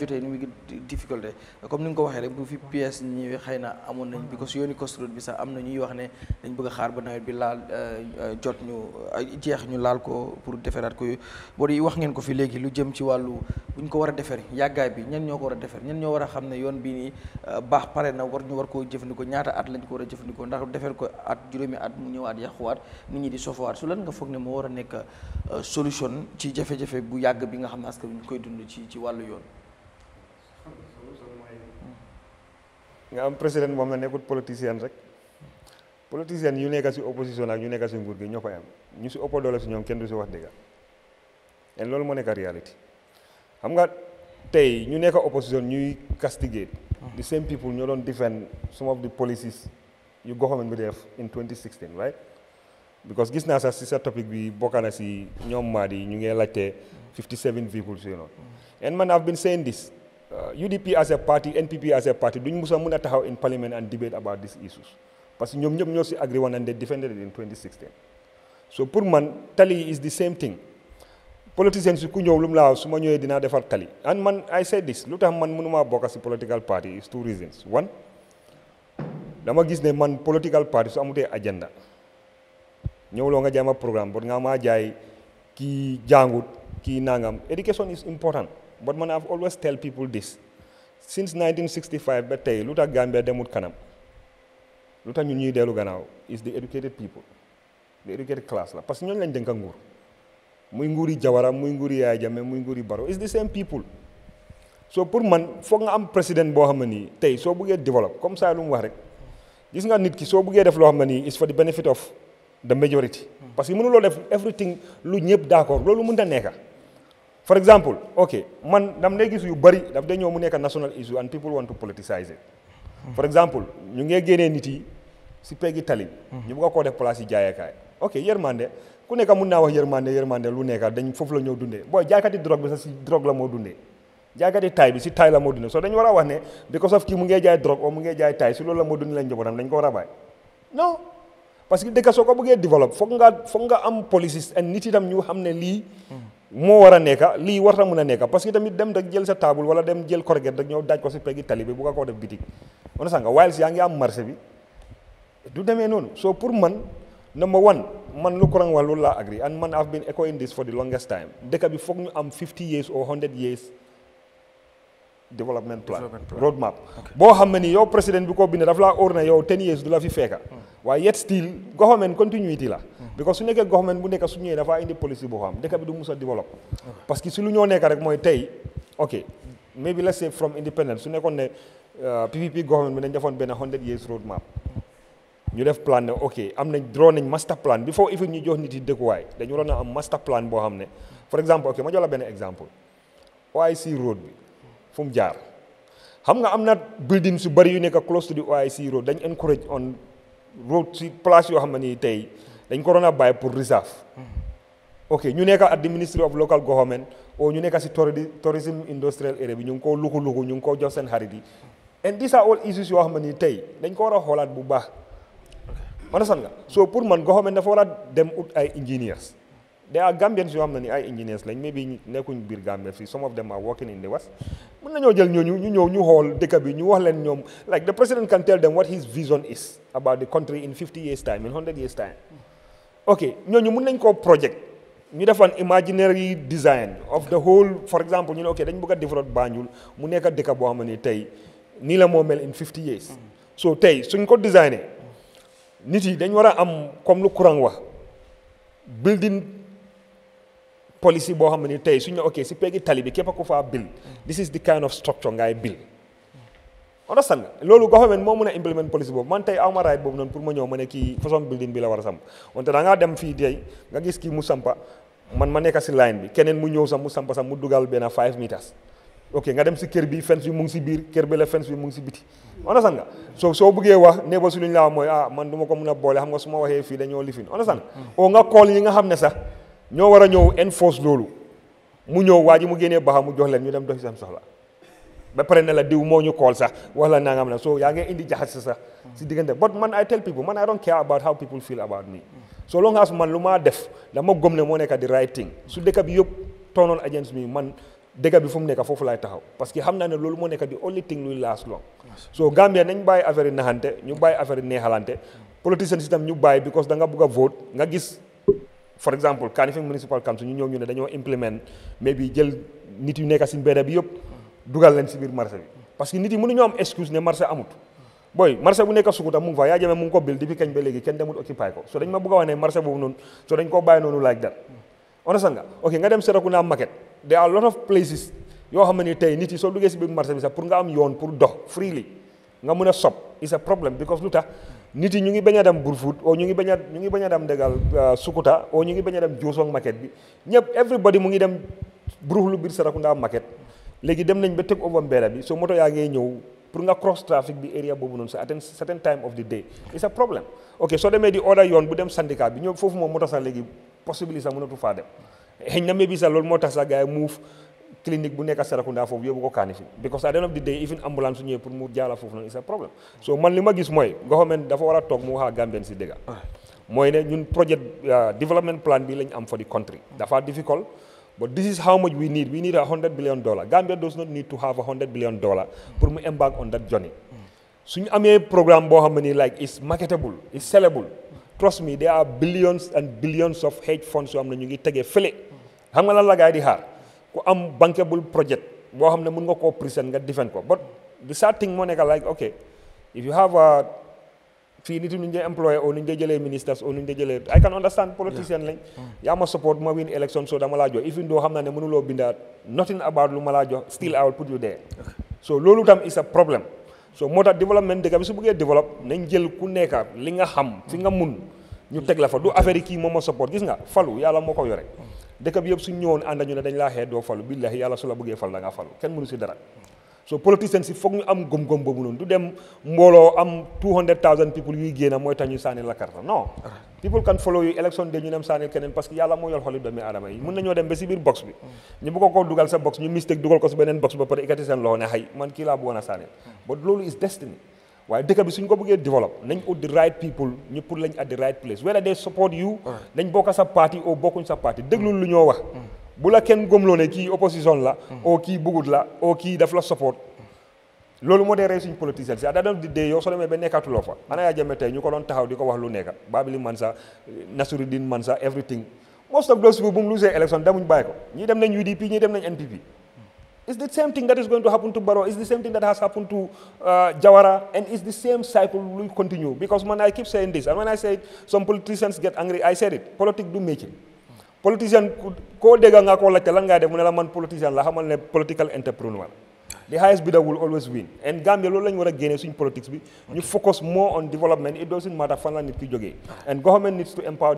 jotee ni mu ngi difficulté comme ni nga ko waxee rek bu fi pièce ñi xëy na amoon nañ bi ko su yooni construit bi sax am na ñuy wax ne dañ bëgg xaar ba nawet bi laal euh, euh, jot ñu jeex ñu laal ko pour deferaat ko boo di wax ngeen ko fi léegi lu jëm ci wàllu buñ ko war a defer yàggaay bi ñan ñoo ko war a defer ñan ñoo war a xam ne yoon bii nii euh, baax pare na war ñu war koo jëfandikoo ñaata at lañ ko war a jëfandikoo ndax defer ko at juróomi at mu ñëwaat yàquwaat nit ñi di sofowaat su lan nga foog ne moo war a nekk solution ci jafe-jafe yàgg bi nga xam ne askan ñu koy dund ci ci wàllu yoon nga am président boo xam ne nekkul rek politicien yu nekka si opposition ak ñu nekka si nguur gi ñoo koy am ñu si ëpp doole si ñoom kenn du si wax dëgga en loolu moo nekka réalité xam nga tey ñu nekka opposition ñuy castigate the same people ñoo doon defend some of the policies yu government bi def in 2016 right because gis naa sax si sa topic bi bokk na si ñoom maat yi ñu ngi laajte 57 people you know and man UDP uh, as a party NPP as a party duñ musa mëna taxaw in parliament and debate about these issues parce que ñom ñom ñoo si agree woon and they defended it in 2016 so pour man tali is the same thing politicians ku ñëw lu mu laa su ma tali and man I said this lu man mënuma bokk ci political party is two reasons one dama gis né man political party su amuté agenda lo nga jama programme bot nga ma jaay ki jangut, ki nangam education is important but man I've always tell people this since 1965 ba tey Gambia demut kanam lu ñun ñuy dellu gannaaw is the educated people the educated class la parce que lañ dénk nguur muy nguuri Jawara muy nguuri Yaya Jammeh muy nguuri Barrow is the same people so pour man foog nga am president bo xam ne nii tey soo buggee développe comme ça lu mu wax rek gis nga nit ki soo buggee def loo xam is for the benefit of the majority hmm. parce que lo def everything lu ñëpp d' accord mënta nekka for example ok man dam day gis yu bëri daf day ñëw mu nekk national issue and people want to politicize it for example ñu ngee génnee nit yi si peggi tali hmm. ñu bëgg koo def place yi jaayekaay ok yërmande ku nekk mun naa wax yërmande yërmande lu nekk dañ foofu la ñëw dundee booy jaaykati drogue bi sax si drogue la moo dundee jaaykati taay bi si taay la moo dundee soo dañu war a wax ne because of kii mu ngee jaay drogue oo mu ngee jaay taay si loolu a bàyyi non parce que dëkk soo foog nga foog nga am policies and nit itam xam ne lii hmm. moo war a nekka lii war a mën a nekka parce que tamit dem rek jël sa table wala dem jël corrigate rek ñëw daaj ko si peggi tali bi koo def bitig on sanga waaye si yaa ngi am marché bi du demee noonu so pour man number one man lu Kurang wax loolu laa agree and man I've been echoing this for the longest time dëkk bi foog ñu am 50 years or 100 years development plan road map boo xam ne ni yow président bi ko bind daf laa óor na yow 10 la fi fekka hmm. waaye yet still government continuity la because su nekkee government bu nekk su ñëwee dafa indi policy boo xam dëkk bi du mus a parce que si lu ñoo nekk rek mooy tey ok maybe let's say from independence su nekkoon ne PPP euh, government bi dañ defoon benn hundred years road map ñu def plan ne ok am nañ draw nañ master plan before even ñu jox nit yi dëkkuwaay dañu waroon a am master plan boo xam ne for exemple ok ma jox la benn exemple OIC bi fu mu jaar xam nga am na building su bëri yu nekk close to the dañ encourage on road si place yoo xam ne nii tey dañ ko doon a bàyyi pour reserve ok ñu nekk at the ministry of local government o ñu nekk si tourism industrial area bi ñu ngi koo luxu luxu ñu ngi ko jox seen xarit yi and these are all issues yoo xam ne nii tey dañ ko war a xoolaat bu baax manasan nga so pour man government dafa war a dem ut ay engineers there are Gambians yoo xam ne ni ay engineers lañ maybe nekkuñ biir Gambia fii some of them are working in the West mën nañoo jël ñooñu ñu ñëw ñu xool dëkk bi ñu wax leen ñoom like the president can tell them what his vision is about the country in fifty years time in hundred years time ok ñooñu mën nañ koo project ñu defoon imaginary design of the whole for example ñu ne ok dañ bëgg a defaroon Banjul mu nekk dëkk boo xam ne tey nii moo mel in fifty years so tey suñ ko designé nit yi dañ war a am comme lu courant wax building policy bo xamni tay suñu ok si pegi tali bi képp ko fa bill this is the kind of structure ngay bill understand nga lolu government moo implement policy boobu man tay awma ma right non pour ma ñow mané ki façon building bi la wara sam on da nga dem fi day nga gis ki mu sampa man ma nekk ci line bi keneen mu ñëw sam mu sampa sam mu dugal 5 meters ok nga dem si kër bi fence bi mu ngi ci biir kër bi la fence bi mu ngi ci biti understand nga so so bëggé wax né ba suñu la moy ah man duma ko mëna a xam nga suma waxé fi dañoo lifin understand mm. o nga call yi nga xamné sax ñoo war a ñëw enforce loolu mu ñëw waa ji mu génnee baaxa mu jox leen ñu dem dox seen soxla ba pare ne la diw moo ñu kool sax wala naa nga am ne soo yaa ngi indi jaxase sax si diggante but man I tell people man I don't care about ne moo nekk di right thing su dëkk bi yëpp toonoon agence bi man dëgg bi fu mu foofu laay taxaw parce que xam naa ne loolu moo nekk di only thing luy last long so Gambia nañ bàyyi affaire yi naxante ñu bàyyi affaire yi neexalante politiciens itam ñu bàyyi because da nga vote nga gis for example Kanifing municipal council ñu ñew ñu ne dañoo implement mais bi jël nit yu nekk ci mbéda bi yëpp dugal leen ci biir marché bi parce que nit yi mënuñoo am excuse ne marché amut boy marché bu nekk sukuta mu ngi fa yaa jëmee mu ko bil depuis kañ ba légui kenn demul occupy ko so dañ ma bëgg wone marché so dañ ko bay nonu like that sa nga okay nga dem na market there are a lot of places yo xamni tay nit yi so duggé ci biir marché bi sax pour nga am yoon pour dox freely nga mëna sop is a problem because lutax niti ñu ngi bañ dem Burfoot o ñu ngi bañ ñu ngi bañ dem euh, Sukuta o ñu ngi bañ ak market bi ñep everybody mu ngi dem bir biir nda market legi dem nañ ba berabi, bi so moto ya ngay ñew pour nga cross traffic bi area bobu non sa atten certain time of the day it's a problem okay so demee di order yon bu dem syndicat bi ñoo fofu mo moto sax léegi possibilité sax mënatu fa dem xëy na maybe sax move clinique bu nek Serekunda foofu yóbbu ko because at the end of the day even ambulance su pour mu jala fofu non is a problem so man lima gis gis mooy government dafa wara tok mu wax ak ci dega moy ne ñun projet ah, development plan bi lañ am for the country dafa difficult But this is how much we need. We need a hundred billion dollar. Gambia does not need to have a hundred billion dollar pour mu embark on that journey. suñu amé programme bo xamni like is marketable is sellable trust me there are billions and billions of hedge funds yo amna ñu ngi tegee félé xam nga lan la gaay di xaar ku am bankable project boo xam ne mun nga koo present nga defend ko but the sad thing moo like okay if you have a fii nit ñu ngi employé ou ñu jëlee ministers ou ñu dee jëlee I can understand politician lañ ya ma support ma win election so dama laa jox even though xam naa ne mënuloo bindaat nothing about lu ma laa jox still I will put you there so loolu tam is a problem so moo tax development dëkk bi su bëggee develop nañ jël ku nekk li nga xam fi nga mun ñu teg la fa du affaire yi kii moom ma support gis nga falu yàlla moo ko yore dëkk bi yëpp suñ ñëwoon ànd ñu ne dañ laa xee doo falu billahi yàlla su la bëggee fal da falu kenn mënu si dara so politicien si foog ñu am gëm-gëm boobu noonu du dem mbooloo am 200000 people yuy génn mooy tax ñu sànni la carte non people can follow you election day ñu dem sànni keneen parce que yàlla moo yor xoli doomi aadama yi mun nañoo dem ba si biir box bi ñu bëgg ko dugal sa box ñu mistake dugal ko si beneen box ne xay man kii laa bëggoon a sànni but loolu waaye dëkk bi suñ ko bëggee develop nañ ut the right people ñu pour lañ at the right place whether they support you nañ bokk sa parti ou bokkuñ sa parti déglul lu ñoo wax hmm. bu la kenn gëmloo ne kii opposition la hmm. oo kii bëggut la oo kii daf la support loolu moo dee rey suñ politicien si daadam di dee yow soo ba nekkaatuloo fa ana yaa jëme tey ñu ko doon taxaw di ko wax lu nekka Babili Mansa Nasruddin Mansa everything most of those people bu mu dem nañ UDP dem nañ NPP It's the same thing that is going to happen to Barrow. It's the same thing that has happened to uh, Jawara. And it's the same cycle will continue. Because when I keep saying this, and when I say some politicians get angry, I said it. Politics do make it. Politician, could dega nga ko lacca lan call the mu ne man politician la political entrepreneur the highest bidder will always win and Gambia you want to gain a politics You focus more on development it doesn't matter fan la nit game. and government needs to empower